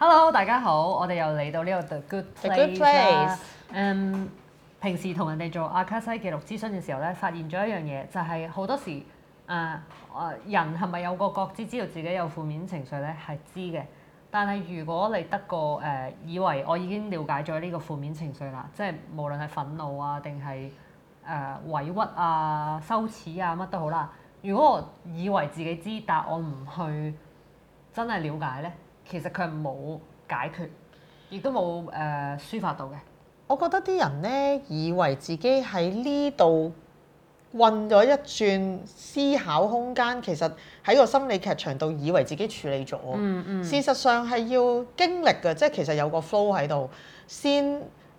Hello，大家好，我哋又嚟到呢、呢個 The Good Place。平時同人哋做阿卡西記錄諮詢嘅時候咧，發現咗一樣嘢，就係、係、好多時啊、呃呃、人係咪有個覺知知道自己有負面情緒咧？係知嘅。但係如果你得個誒、呃、以為我已經了解咗呢個負面情緒啦，即係無論係憤怒啊，定係誒委屈啊、羞恥啊，乜都好啦。如果我以為自己知，但我唔去真係了解呢。其實佢係冇解決，亦都冇誒抒發到嘅。我覺得啲人呢，以為自己喺呢度混咗一轉，思考空間其實喺個心理劇場度，以為自己處理咗。嗯嗯。事實上係要經歷嘅，即係其實有個 flow 喺度先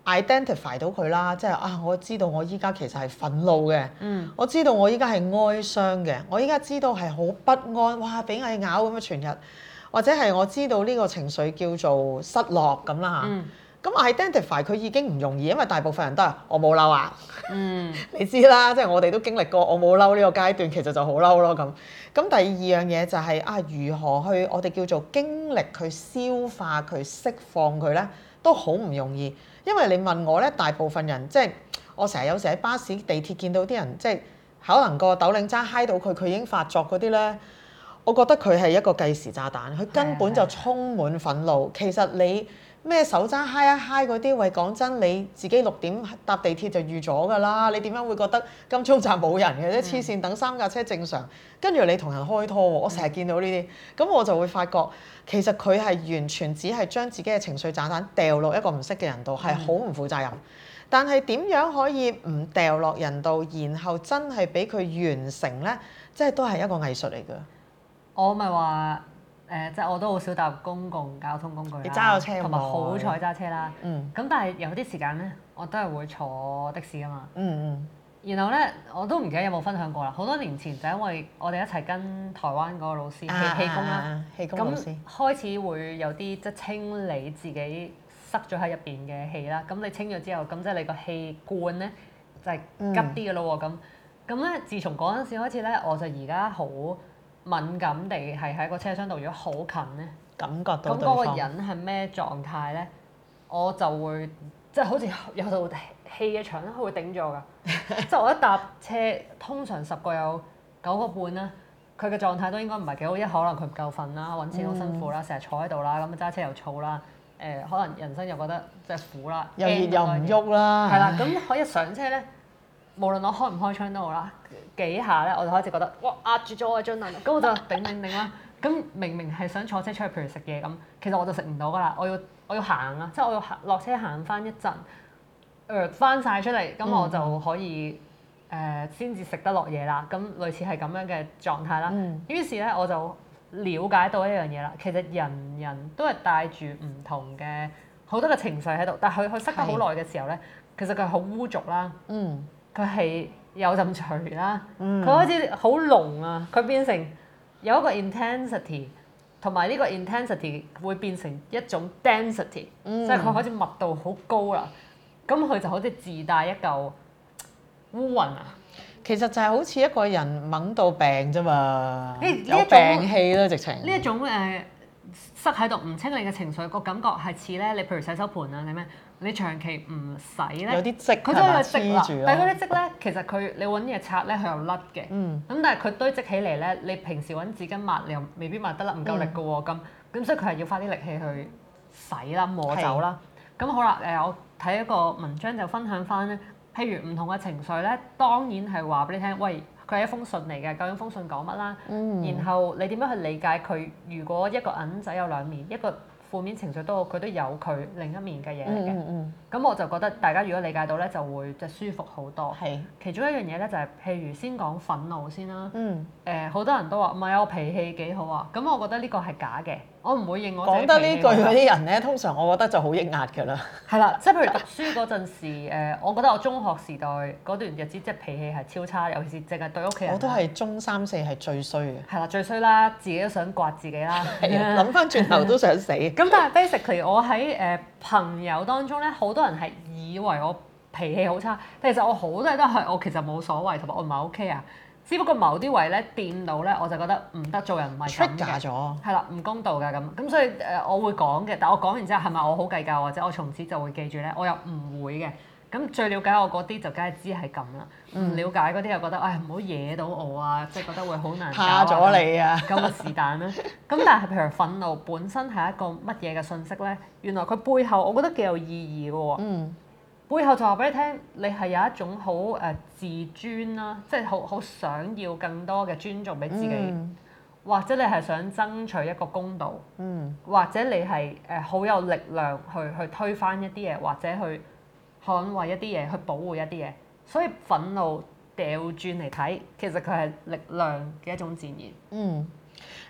identify 到佢啦。即係啊，我知道我依家其實係憤怒嘅。嗯。我知道我依家係哀傷嘅，我依家知道係好不安，哇！俾蟻咬咁啊，全日。或者係我知道呢個情緒叫做失落咁啦嚇，咁 identify 佢已經唔容易，因為大部分人都係我冇嬲啊，嗯、 你知啦，即係我哋都經歷過我冇嬲呢個階段，其實就好嬲咯咁。咁第二樣嘢就係啊，如何去我哋叫做經歷佢、消化佢、釋放佢咧，都好唔容易。因為你問我咧，大部分人即係我成日有時喺巴士、地鐵見到啲人，即係可能個豆零渣嗨到佢，佢已經發作嗰啲咧。我覺得佢係一個計時炸彈，佢根本就充滿憤怒。是的 其實你咩手揸 high 一 high 嗰啲，喂，講真，你自己六點搭地鐵就預咗㗎啦。你點樣會覺得咁早站冇人嘅啫？黐線等三架車正常，跟住你同人開拖，我成日見到呢啲，咁、嗯、我就會發覺其實佢係完全只係將自己嘅情緒炸彈掉落一個唔識嘅人度，係好唔負責任。但係點樣可以唔掉落人度，然後真係俾佢完成呢？即係都係一個藝術嚟㗎。我咪話誒，即係我都好少搭公共交通工具啦，同埋好彩揸車啦。咁、嗯、但係有啲時間咧，我都係會坐的士啊嘛。嗯嗯，然後咧，我都唔記得有冇分享過啦。好多年前就因為我哋一齊跟台灣嗰個老師氣、啊、氣功啦，咁、啊、氣功老師開始會有啲即係清理自己塞咗喺入邊嘅氣啦。咁你清咗之後，咁即係你個氣罐咧就係、是、急啲嘅咯喎。咁咁咧，自從嗰陣時開始咧，我就而家好敏感地係喺個車廂度，如果好近咧，感覺到對方，咁嗰個人係咩狀態咧？我就會即係、就是、好似有道氣嘅牆咧，佢會頂住我㗎。即係 我一搭車，通常十個有九個半啦，佢嘅狀態都應該唔係幾好。一可能佢唔夠瞓啦，揾錢好辛苦啦，成日、嗯、坐喺度啦，咁揸車又燥啦，誒、呃、可能人生又覺得即係苦啦，又熱又唔喐啦，係啦唉，咁一,一上車咧。無論我開唔開窗都好啦，幾下咧我就開始覺得，哇，壓住咗我嘅張凳，咁我就 頂頂頂啦。咁明明係想坐車出去，譬如食嘢咁，其實我就食唔到噶啦，我要我要行啦，即、就、係、是、我要落車行、呃、翻一陣，約翻曬出嚟，咁我就可以誒先至食得落嘢啦。咁類似係咁樣嘅狀態啦。嗯、於是咧我就了解到一樣嘢啦，其實人人都係帶住唔同嘅好多嘅情緒喺度，但係佢佢塞得好耐嘅時候咧，是其實佢好污濁啦。嗯。佢係有陣除啦，佢開始好濃啊！佢變成有一個 intensity，同埋呢個 intensity 會變成一種 density，、嗯、即係佢好似密度好高啦。咁佢就好似自帶一嚿烏雲啊！其實就係好似一個人懵到病啫嘛，欸、種有病氣啦直情。呢一種誒。塞喺度唔清理嘅情緒，個感覺係似咧，你譬如洗手盤啊，定咩？你長期唔洗咧，有啲積，佢都係積住啦。但係嗰啲積咧，其實佢你揾嘢擦咧，佢又甩嘅。咁、嗯、但係佢堆積起嚟咧，你平時揾紙巾抹，你又未必抹得甩，唔夠力嘅喎。咁咁、嗯、所以佢係要花啲力氣去洗啦、磨走啦。咁是好啦，誒我睇一個文章就分享返咧，譬如唔同嘅情緒咧，當然係話，畀你聽喂。佢係一封信嚟嘅，究竟封信講乜啦？嗯、然後你點樣去理解佢？如果一個銀仔有兩面，一個負面情緒都好，佢都有佢另一面嘅嘢嚟嘅。咁、嗯嗯、我就覺得大家如果理解到咧，就會即舒服好多。是其中一樣嘢咧就係、是，譬如先講憤怒先啦。誒、嗯，好、呃、多人都話：唔、嗯、係，我脾氣幾好啊！咁我覺得呢個係假嘅。我唔會認我講得呢句嗰啲人咧， 通常我覺得就好抑壓㗎啦。係啦，即係譬如讀書嗰陣時、 呃，我覺得我中學時代嗰段日子，即係脾氣係超差，尤其是淨係對屋企人。我都係中三、四係最衰嘅。係啦，最衰啦，自己都想刮自己啦。係啊的，諗翻轉頭都想死。咁 但係 basically，我喺誒朋友當中咧，好多人係以為我脾氣好差，其實我好多嘢都係我其實冇所謂，同埋我唔係 OK 啊。只不過某啲位咧掂到咧，我就覺得唔得，做人唔係咁嘅，係啦了，唔公道嘅咁。咁所以誒、呃，我會講嘅，但我講完之後係咪我好計較，或者我從此就會記住咧？我又唔會嘅。咁最了解我嗰啲就梗係知係咁啦。唔、嗯、了解嗰啲又覺得，唉、哎，唔好惹到我啊！即係覺得會好難。怕咗你啊！咁啊是但啦。咁但係譬如憤怒本身係一個乜嘢嘅訊息咧？原來佢背後我覺得幾有意義嘅喎。嗯。背後就話俾你聽，你係有一種好誒自尊啦，即係好好想要更多嘅尊重俾自己，嗯、或者你係想爭取一個公道，嗯、或者你係誒好有力量去去推翻一啲嘢，或者去捍衞一啲嘢，去保護一啲嘢。所以憤怒掉轉嚟睇，其實佢係力量嘅一種自然。嗯，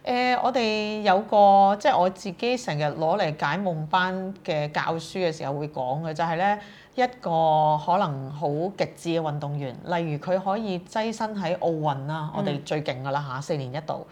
誒、呃，我哋有個即係我自己成日攞嚟解夢班嘅教書嘅時候會講嘅就係、是、咧。一個可能好極致嘅運動員，例如佢可以躋身喺奧運啦，嗯、我哋最勁㗎啦嚇，四年一度。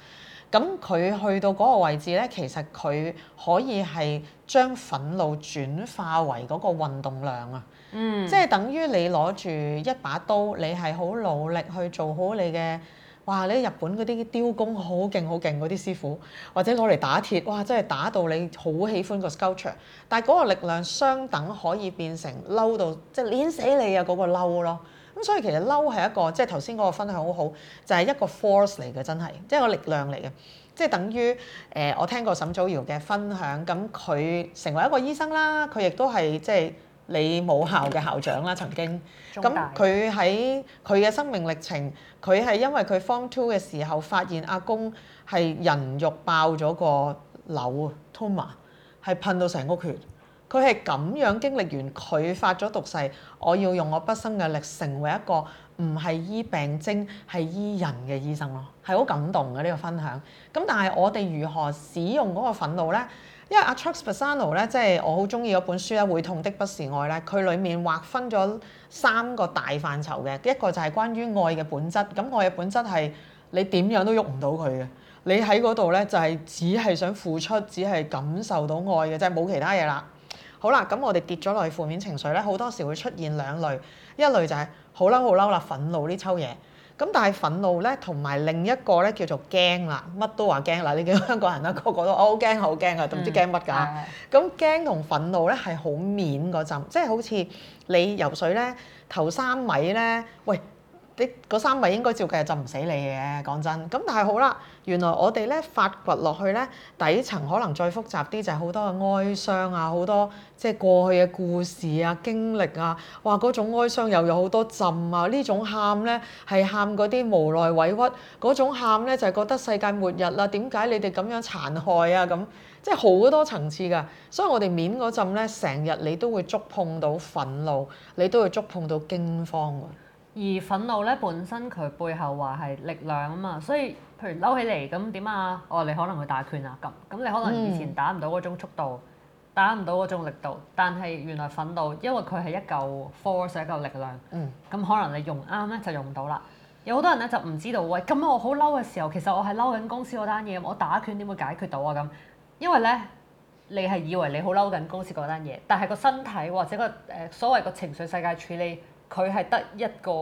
咁佢去到嗰個位置呢，其實佢可以係將憤怒轉化為嗰個運動量啊，嗯、即係等於你攞住一把刀，你係好努力去做好你嘅。哇！你喺日本嗰啲雕工好勁好勁，嗰啲師傅或者攞嚟打鐵，哇！真係打到你好喜歡個 sculpture，但係嗰個力量相等可以變成嬲到即係碾死你啊嗰個嬲咯！咁、嗯、所以其實嬲係一個即係頭先嗰個分享好好，就係、是、一個 force 嚟嘅，真係即係個力量嚟嘅，即係等於誒、呃、我聽過沈祖堯嘅分享，咁佢成為一個醫生啦，佢亦都係即係。你母校嘅校長啦，曾經咁佢喺佢嘅生命歷程，佢係因為佢 form two 嘅時候發現阿公係人肉爆咗個瘤啊 tumor 係噴到成屋血，佢係咁樣經歷完，佢發咗毒誓，我要用我畢生嘅力成為一個唔係醫病徵係醫人嘅醫生咯，係好感動嘅呢個分享。咁但係我哋如何使用嗰個憤怒呢？因為阿 Charles Pasano 咧，即係我好中意嗰本書咧，《會痛的不是愛》咧，佢裡面劃分咗三個大範疇嘅，一個就係關於愛嘅本質。咁愛嘅本質係你點樣都喐唔到佢嘅，你喺嗰度咧就係只係想付出，只係感受到愛嘅即係，冇其他嘢啦。好啦，咁我哋跌咗落去負面情緒咧，好多時會出現兩類，一類就係好嬲好嬲啦，憤怒呢抽嘢。咁但係憤怒咧，同埋另一個咧叫做驚啦，乜都話驚啦。你見香港人啦，個個都我好驚，好驚啊，都唔知驚乜㗎。咁驚同憤怒咧係好面嗰陣，即係好似你游水咧頭三米咧，喂。嗰三位應該照計浸唔死你嘅，講真。咁但係好啦，原來我哋咧發掘落去咧，底層可能再複雜啲，就係好多嘅哀傷啊，好多即係過去嘅故事啊、經歷啊。哇，嗰種哀傷又有好多浸啊，呢種喊咧係喊嗰啲無奈委屈，嗰種喊咧就係覺得世界末日啦，點解你哋咁樣殘害啊咁，即係好多層次噶。所以我哋面嗰浸咧，成日你都會觸碰到憤怒，你都會觸碰到驚慌，而憤怒咧本身佢背後話係力量啊嘛，所以譬如嬲起嚟咁點啊，我、哦、你可能會打拳啊咁，咁你可能以前打唔到嗰種速度，打唔到嗰種力度，但係原來憤怒，因為佢係一嚿 force，一嚿力量，咁、嗯、可能你用啱咧就用到啦。有好多人咧就唔知道，喂咁我好嬲嘅時候，其實我係嬲緊公司嗰單嘢，我打拳點會解決到啊咁？因為咧你係以為你好嬲緊公司嗰單嘢，但係個身體或者個誒、呃、所謂個情緒世界處理。佢係得一個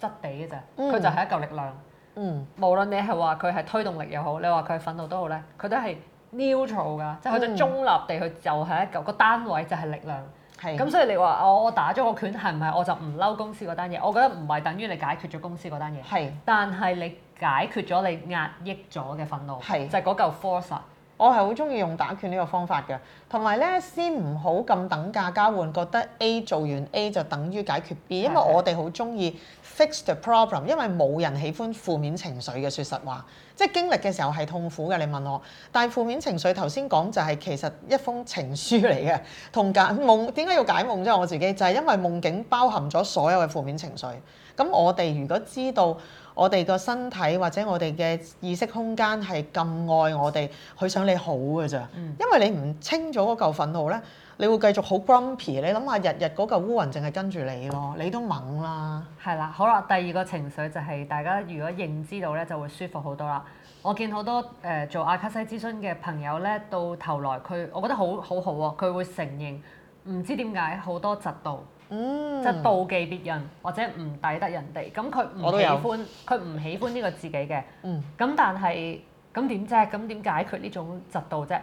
質地嘅咋，佢就係一嚿力量。嗯，嗯，無論你係話佢係推動力又好，你話佢係憤怒都好咧，佢都係 neutral 㗎，即係佢就中立地去就係一嚿個單位就係力量。係是。咁所以你話我我打咗個拳係唔係我就唔嬲公司嗰單嘢？我覺得唔係等於你解決咗公司嗰單嘢。係是。但係你解決咗你壓抑咗嘅憤怒，是就係嗰嚿 force 我係好中意用打拳呢個方法嘅，同埋咧先唔好咁等價交換，覺得 A 做完 A 就等於解決 B，因為我哋好中意 fix the problem，因為冇人喜歡負面情緒嘅，說實話，即係經歷嘅時候係痛苦嘅。你問我，但係負面情緒頭先講就係其實一封情書嚟嘅，同解夢，點解要解夢啫？我自己就係、是、因為夢境包含咗所有嘅負面情緒，咁我哋如果知道。我哋個身體或者我哋嘅意識空間係咁愛我哋，佢想你好嘅咋。因為你唔清咗嗰嚿憤怒咧，你會繼續好 grumpy。你諗下，日日嗰嚿烏雲淨係跟住你咯，你都懵啦。係啦，好啦，第二個情緒就係、是、大家如果認知到咧，就會舒服好多啦。我見好多誒、呃、做阿卡西諮詢嘅朋友咧，到頭來佢，我覺得好好好喎，佢會承認唔知點解好多嫉妒。即係、嗯、妒忌別人或者唔抵得人哋，咁佢唔喜歡，佢唔喜歡呢個自己嘅。嗯，咁但係，咁點啫？咁點解決呢種嫉妒啫？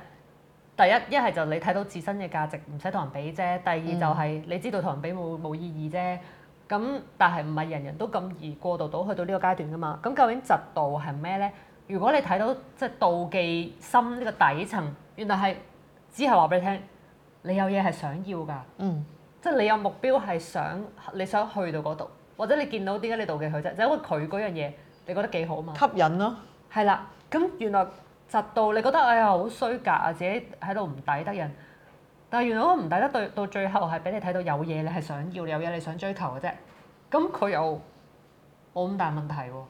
第一，一係就你睇到自身嘅價值，唔使同人比啫；第二就係你知道同人比冇冇意義啫。咁但係唔係人人都咁易過渡到去到呢個階段噶嘛？咁究竟嫉妒係咩呢？如果你睇到即係、就是、妒忌心呢個底層，原來係只係話俾你聽，你有嘢係想要㗎。嗯。即係你有目標係想你想去到嗰度，或者你見到點解你妒忌佢啫？就因為佢嗰樣嘢你覺得幾好嘛？吸引咯、啊，係啦。咁原來窒到你覺得哎呀好衰格，啊，自己喺度唔抵得人。但係原來我唔抵得，到到最後係俾你睇到有嘢，你係想要有嘢，你想追求嘅啫。咁佢又冇咁大問題喎、啊。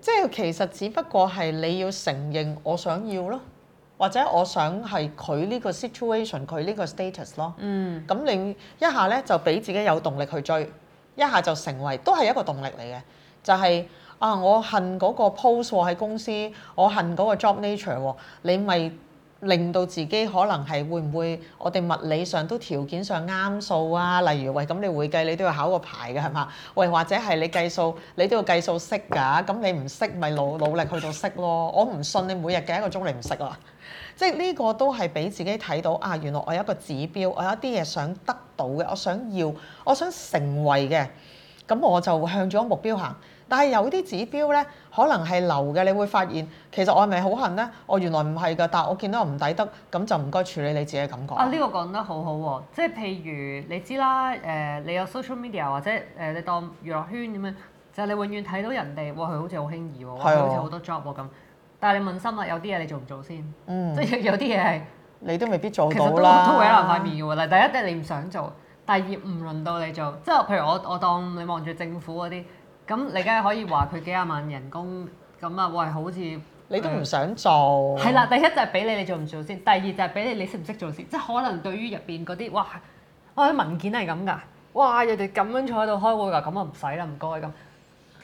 即係其實只不過係你要承認我想要咯。或者我想係佢呢個 situation 佢呢個 status 咯，咁、嗯、你一下咧就俾自己有動力去追，一下就成為都係一個動力嚟嘅，就係、是、啊我恨嗰個 post 我喺公司，我恨嗰個 job nature，你咪。令到自己可能係會唔會，我哋物理上都條件上啱數啊。例如，喂，咁你會計你都要考個牌嘅係嘛？喂，或者係你計數，你都要計數識㗎。咁你唔識，咪努努力去到識咯。我唔信你每日計一個鐘你唔識啦。即係呢個都係俾自己睇到啊！原來我有一個指標，我有一啲嘢想得到嘅，我想要，我想成為嘅。咁我就向咗目標行，但係有啲指標咧，可能係流嘅，你會發現其實我係咪好恨咧？我原來唔係㗎，但係我見到我唔抵得，咁就唔該處理你自己嘅感覺。啊，呢個講得好好喎！即係譬如你知啦，誒，你有 social media 或者誒，你當娛樂圈咁樣，就係你永遠睇到人哋，哇，佢好似好輕易喎，佢好似好多 job 咁。但係你問心啦，有啲嘢你做唔做先？嗯，即係有啲嘢係你都未必做到啦。都毀爛塊面㗎喎！嗱，但第一啲你唔想做。第二唔輪到你做，即係譬如我我當你望住政府嗰啲，咁你梗係可以話佢幾廿萬人工，咁啊喂，好似你都唔想做。係啦、呃，第一就係、是、俾你你做唔做先，第二就係、是、俾你你識唔識做先，即係可能對於入邊嗰啲哇，我、哎、啲文件係咁㗎，哇你哋咁樣坐喺度開會㗎，咁啊唔使啦唔該咁。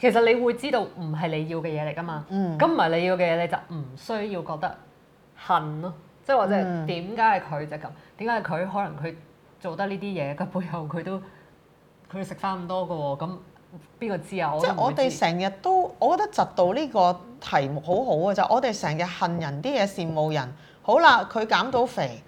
其實你會知道唔係你要嘅嘢嚟㗎嘛，咁唔係你要嘅嘢你就唔需要覺得恨咯，即係或者點解係佢就咁？點解係佢可能佢？做得呢啲嘢，嘅背後，佢都佢食翻咁多㗎喎，咁邊個知啊？即係我哋成日都，我覺得窒到呢個題目好好啊！就我哋成日恨人啲嘢，羨慕人。好啦，佢減到肥。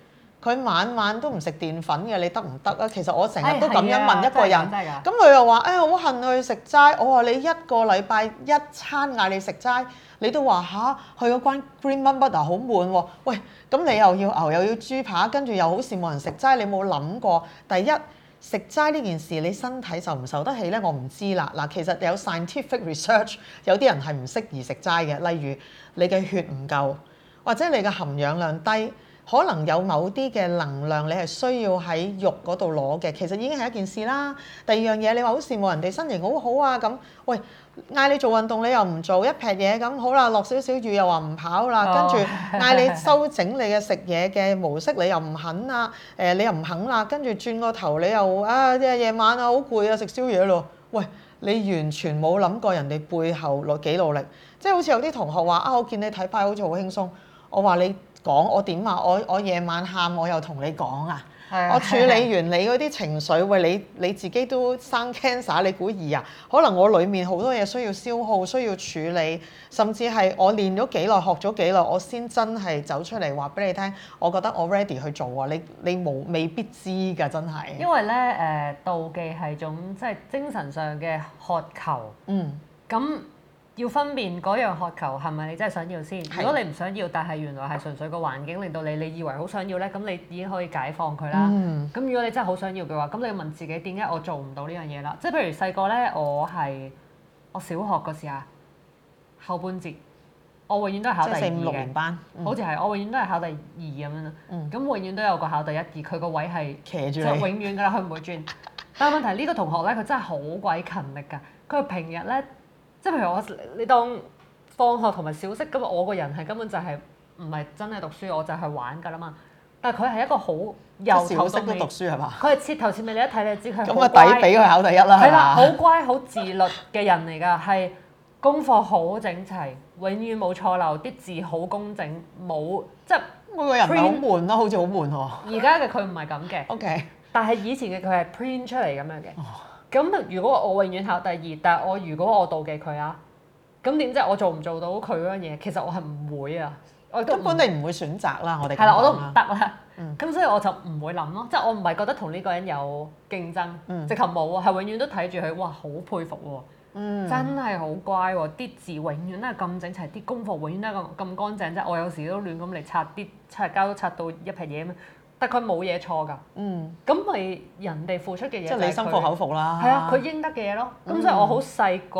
佢晚晚都唔食澱粉嘅，你得唔得啊？其實我成日都咁樣問一個人，咁佢又話，誒，我好恨去食齋。我話你一個禮拜一餐嗌你食齋，你都話吓去、啊、個關 Green number 好悶喎、啊。喂，咁你又要牛又要豬扒，跟住又好羨慕人食齋，你冇諗過？第一，食齋呢件事你身體受唔受得起咧，我唔知啦。嗱，其實有 scientific research，有啲人係唔適宜食齋嘅，例如你嘅血唔夠，或者你嘅含氧量低。可能有某啲嘅能量，你係需要喺肉嗰度攞嘅，其實已經係一件事啦。第二樣嘢，你話好羨慕人哋身形好好啊咁，喂，嗌你做運動你又唔做，一劈嘢咁好啦，落少少雨又話唔跑啦，跟住嗌你修整你嘅食嘢嘅模式，你又唔肯啊？誒、呃，你又唔肯啦，跟住轉個頭你又啊，夜晚啊好攰啊，食宵夜咯。喂，你完全冇諗過人哋背後落幾努力，即係好似有啲同學話啊，我見你睇牌好似好輕鬆，我話你。講我點啊！我我夜晚喊，我又同你講啊！係啊！我處理完你嗰啲情緒，喂你你自己都生 cancer，你估易啊？可能我裏面好多嘢需要消耗、需要處理，甚至係我練咗幾耐、學咗幾耐，我先真係走出嚟話俾你聽，我覺得我 ready 去做啊！你你無未必知㗎，真係。因為咧誒，妒、呃、忌係種即係精神上嘅渴求。嗯。咁。要分辨嗰樣渴求係咪你真係想要先？是的 如果你唔想要，但係原來係純粹個環境令到你，你以為好想要咧，咁你已經可以解放佢啦。咁、嗯、如果你真係好想要嘅話，咁你要問自己點解我做唔到呢樣嘢啦？即係譬如細個咧，我係我小學嗰時啊，後半節我永遠都係考第二嘅，班嗯、好似係我永遠都係考第二咁樣啦。咁、嗯嗯、永遠都有個考第一二，佢個位係騎住你，永遠噶啦，佢唔會轉。 但係問題呢、呢個同學咧，佢真係好鬼勤力㗎。佢平日咧。即係譬如我，你當放學同埋小息咁，我個人係根本就係唔係真係讀書，我就係玩㗎啦嘛。但係佢係一個好，以前好識都讀書係嘛？佢係切頭切尾，你一睇你就知佢。咁個底俾佢考第一啦。係啦，好乖好自律嘅人嚟㗎，係功課好整齊，永遠冇錯漏，啲字好工整，冇即係。每個人好悶囉，好似好悶喎。而家嘅佢唔係咁嘅，OK。但係以前嘅佢係 print 出嚟咁樣嘅。哦。咁如果我永遠考第二，但係我如果我妒忌佢啊，咁點知我做唔做到佢嗰樣嘢？其實我係唔會啊，我根本你唔會選擇啦。我哋係啦，我都唔得啦。咁、嗯、所以我就唔會諗咯，即係、嗯、我唔係覺得同呢個人有競爭，嗯、直頭冇啊，係永遠都睇住佢，哇，好佩服喎！嗯、真係好乖喎，啲字永遠都係咁整齊，啲功課永遠都係咁咁乾淨。即係我有時都亂咁嚟擦啲擦膠，都擦到一撇嘢但佢冇嘢錯㗎，嗯，咁咪人哋付出嘅嘢即係你心服口服啦，係啊，佢應得嘅嘢咯。咁、嗯嗯、所以我好細個，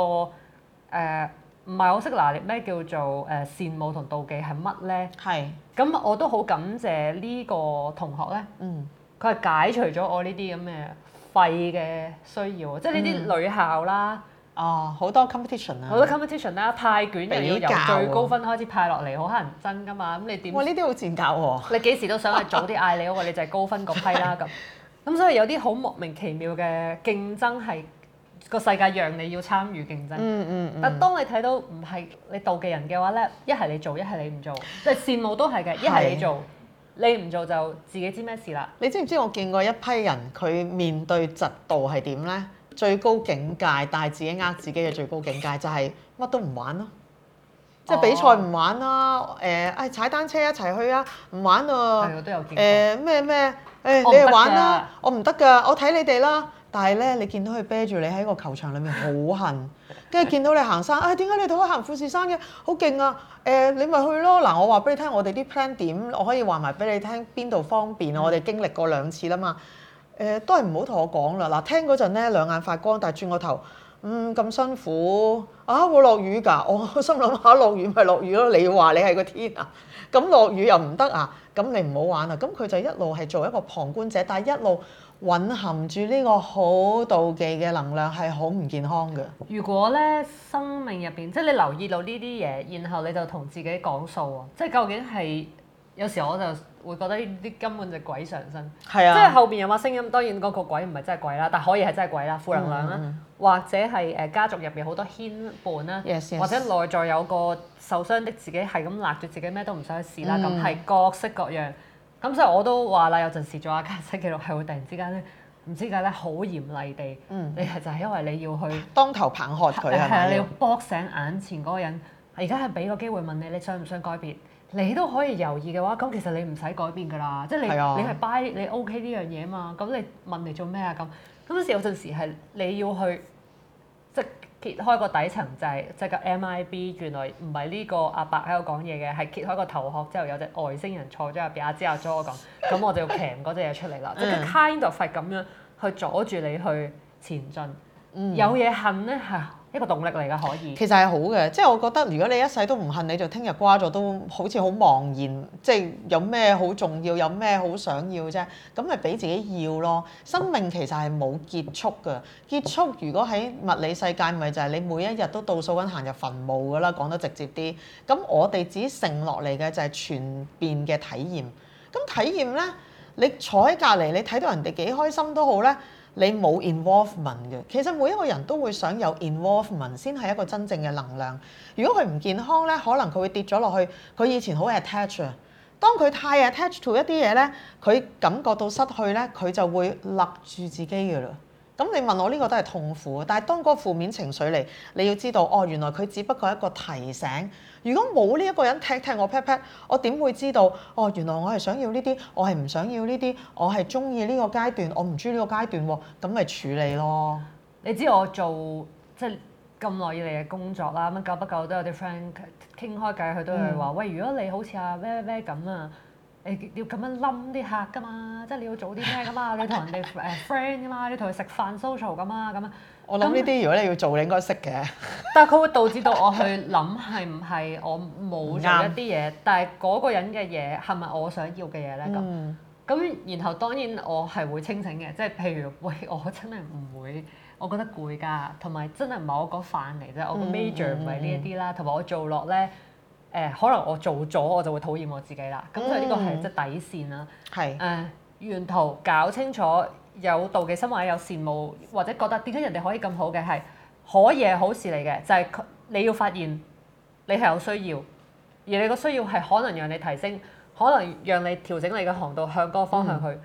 誒唔係好識拿捏咩叫做誒羨、呃、慕同妒忌係乜咧？係是，咁我都好感謝呢個同學咧，嗯，佢係解除咗我呢啲咁嘅廢嘅需要，嗯、即係呢啲女校啦。哦、啊，好多 competition 啊！好多 competition 啦，派卷又要由最高分開始派落嚟，好乞人憎噶嘛。咁你點？哇！呢啲好賤格喎！你幾時都想去早啲嗌你嗰個， 你就係高分嗰批啦咁。咁的所以有啲好莫名其妙嘅競爭係個世界讓你要參與競爭。嗯嗯，嗯。但係當你睇到唔係你妒忌人嘅話咧，一係你做，一係你唔做，即係羨慕都係嘅。一係 你，你做，你唔做就自己知咩事啦。 你知唔知我見過一批人，佢面對嫉妒係點咧？最高境界，但係自己呃自己嘅最高境界就係、是、乜都唔玩咯，哦、即係比賽唔玩啦、啊，誒、欸、誒、哎、踩單車一齊去啊，唔玩啊，都、嗯、有見。咩咩、欸，誒、欸哦、你哋玩啦、啊，我唔得㗎，我睇你哋啦。但係咧，你見到佢啤住你喺個球場裏面好恨，跟住 見到你行山，啊，點解你哋可以行富士山嘅？好勁啊！誒、欸、你咪去咯。嗱我話俾你聽，我哋啲 plan 點，我可以話埋俾你聽邊度方便啊。 我哋經歷過兩次啦嘛。誒都係唔好同我講啦！嗱，聽嗰陣咧兩眼發光，但係轉個頭，嗯咁辛苦啊會落雨㗎，我心諗吓落雨咪落雨咯。你話你係個天啊？咁落雨又唔得啊？咁你唔好玩啊！咁佢就一路係做一個旁觀者，但係一路隱含住呢個好妒忌嘅能量，係好唔健康嘅。如果咧生命入邊，即係你留意到呢啲嘢，然後你就同自己講數啊，即係究竟係。有時我就會覺得呢啲根本就鬼上身，是啊、即係後邊有話聲音，當然嗰個鬼唔係真係鬼啦，但可以係真係鬼啦，負能量啦，嗯、或者係誒家族入面好多牽絆啦，嗯、或者內在有個受傷的自己，係咁揦住自己咩都唔想去試啦，咁係、嗯、各式各樣。咁所以我都話啦，有陣時做下家星期六係會突然之間咧，唔知點解咧好嚴厲地，你係、嗯、就係因為你要去當頭棒喝佢，係啊，你要駁醒眼前嗰個人。而家係俾個機會問你，你想唔想改變？你都可以猶豫嘅話，咁其實你唔使改變噶啦，即係是、啊、你你係 buy 你 OK 呢樣嘢啊嘛，咁你問你做咩啊咁？咁有陣時係你要去即係、就是、揭開個底層，就係、是、即係個 MIB 原來唔係呢個阿伯喺度講嘢嘅，係揭開個頭殼之後有隻外星人坐咗入邊。阿 J 阿 Jo 咁，咁我就要攤嗰隻嘢出嚟啦，即係 kind of 咁樣去阻住你去前進，嗯、有嘢恨呢嚇。一個動力嚟㗎，可以。其實係好嘅，即係我覺得，如果你一世都唔恨，你就聽日瓜咗都好似好茫然，即係有咩好重要，有咩好想要啫？咁咪俾自己要咯。生命其實係冇結束嘅，結束如果喺物理世界，咪就係你每一日都倒數緊行入墳墓㗎啦。講得直接啲，咁我哋只剩落嚟嘅就係全變嘅體驗。咁體驗咧，你坐喺隔離，你睇到人哋幾開心都好咧。你冇 involvement 嘅，其實每一個人都會想有 involvement 先係一個真正嘅能量。如果佢唔健康呢，可能佢會跌咗落去。佢以前好 attach 啊，當佢太 attach to 一啲嘢呢，佢感覺到失去呢，佢就會立住自己㗎啦。咁你問我呢個都係痛苦，但係當個負面情緒嚟，你要知道哦，原來佢只不過係一個提醒。如果冇呢一個人踢踢我 pat pat，我點會知道哦？原來我係想要呢啲，我係唔想要呢啲，我係中意呢個階段，我唔中意呢個階段喎，咁咪處理咯。你知我做即係咁耐以嚟嘅工作啦，乜久不久都有啲 friend 傾開偈，佢都係話：嗯、喂，如果你好似阿咩咩咁啊！誒，要咁樣冧啲客噶嘛，即係你要做啲咩噶嘛？你同人哋誒 friend 噶嘛，你同佢食飯 social 咁啊咁啊。我諗呢啲如果你要做，你應該識嘅。 但係佢會導致到我去諗係唔係我冇做一啲嘢，對但係嗰個人嘅嘢係咪我想要嘅嘢咧？咁咁、嗯，然後當然我係會清醒嘅，即係譬如喂，我真係唔會，我覺得攰噶，同埋真係唔係我個飯嚟啫，嗯、我個 major 唔係呢一啲啦，同埋我做落咧。誒、呃、可能我做咗我就會討厭我自己啦，咁、嗯、所以呢個係即係底線啦、啊。係誒是、呃，沿途搞清楚有妒忌心或者有羨慕，或者覺得點解人哋可以咁好嘅，係可以係好事嚟嘅。就係、是、你要發現你係有需要，而你個需要係可能讓你提升，可能讓你調整你嘅航道向嗰個方向去。嗯、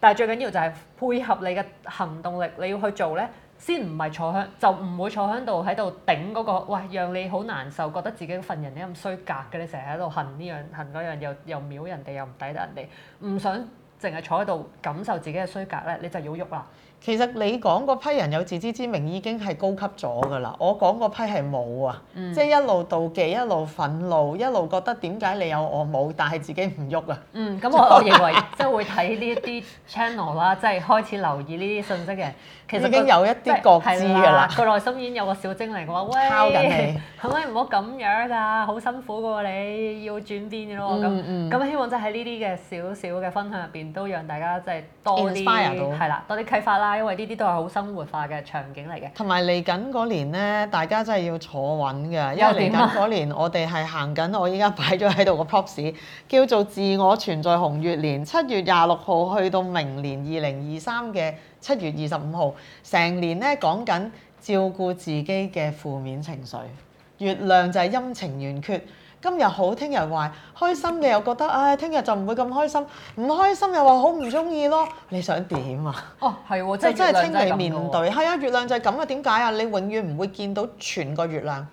但係最緊要就係配合你嘅行動力，你要去做咧。先唔係坐響，就唔會坐響度喺度頂嗰個，喂，讓你好難受，覺得自己份人你咁衰格嘅，你成日喺度恨呢樣、恨嗰樣，又又藐人哋又唔抵得人哋，唔想淨係坐喺度感受自己嘅衰格咧，你就要喐啦。其實你講嗰批人有自知之明已經係高級咗㗎啦，我講嗰批係冇啊，嗯、即係一路妒忌，一路憤怒，一路覺得點解你有我冇，但係自己唔喐啊。嗯，咁、嗯嗯、了我我認為即係會睇呢一啲 channel 啦，即、就、係、是、開始留意呢啲信息嘅，其實、那個、已經有一啲、就是嗯、覺知㗎啦。個內心已經有個小精靈話：喂，拋緊你，可唔可以唔好咁樣㗎、啊？好辛苦㗎、啊、你要轉變㗎喎。咁咁、嗯嗯嗯嗯、希望即係喺呢啲嘅小小嘅分享入邊，都讓大家即係多啲係啦，多啲啟，啟發啦。因為呢啲都係好生活化嘅場景嚟嘅，同埋嚟緊嗰年呢，大家真係要坐穩㗎，因為嚟緊嗰年 我哋係行緊，我依家擺咗喺度個 props 叫做自我存在紅月年，七月廿六號去到明年二零二三嘅七月二十五號，成年呢講緊照顧自己嘅負面情緒，月亮就係陰晴圓缺。今日好，聽日壞，開心嘅又覺得，唉、哎，聽日就唔會咁開心，唔開心又話好唔中意咯。你想點啊？哦，係喎，即係 真係清理面對，係啊，月亮就係咁啊，點解啊？你永遠唔會見到全個月亮，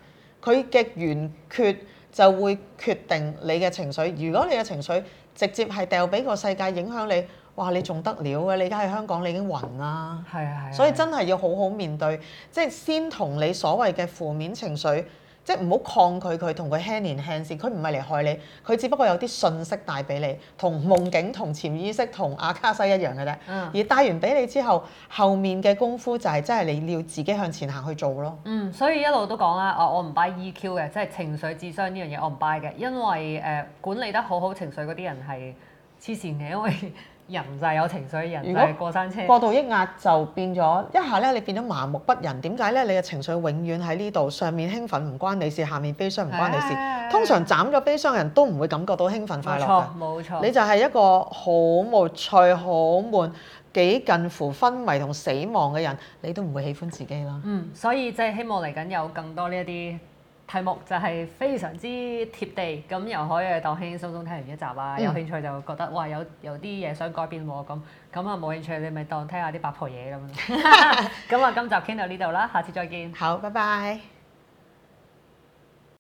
佢嘅圓缺就會決定你嘅情緒。如果你嘅情緒直接係掉俾個世界影響你，哇！你仲得了嘅？你而家喺香港，你已經暈啦。係啊係。所以真係要好好面對，即係先同你所謂嘅負面情緒。即係唔好抗拒佢，同佢輕年輕先。佢唔係嚟害你，佢只不過有啲信息帶俾你，同夢境、同潛意識、同阿卡西一樣嘅啫。嗯、而帶完俾你之後，後面嘅功夫就係真係你要自己向前行去做咯。嗯，所以一路都講啦，我我唔 buy EQ 嘅，即係情緒智商呢樣嘢我唔 buy 嘅，因為誒、呃、管理得好好情緒嗰啲人係黐線嘅，因為人就係有情緒，人就係過山車。過度抑壓就變咗一下咧，你變咗麻木不仁。點解咧？你嘅情緒永遠喺呢度，上面興奮唔關你事，下面悲傷唔關你事。唉通常斬咗悲傷嘅人都唔會感覺到興奮快樂，冇錯。是冇錯，你就係一個好無趣、好悶、幾近乎昏迷同死亡嘅人，你都唔會喜歡自己啦。嗯，所以即係希望嚟緊有更多呢一啲。題目就係非常之貼地，咁又可以當輕輕鬆鬆聽完一集啊！嗯、有興趣就覺得哇，有有啲嘢想改變喎，咁咁啊，冇興趣你咪當聽下啲八婆嘢咁樣。咁啊， 今集傾到呢度啦，下次再見。好，拜拜。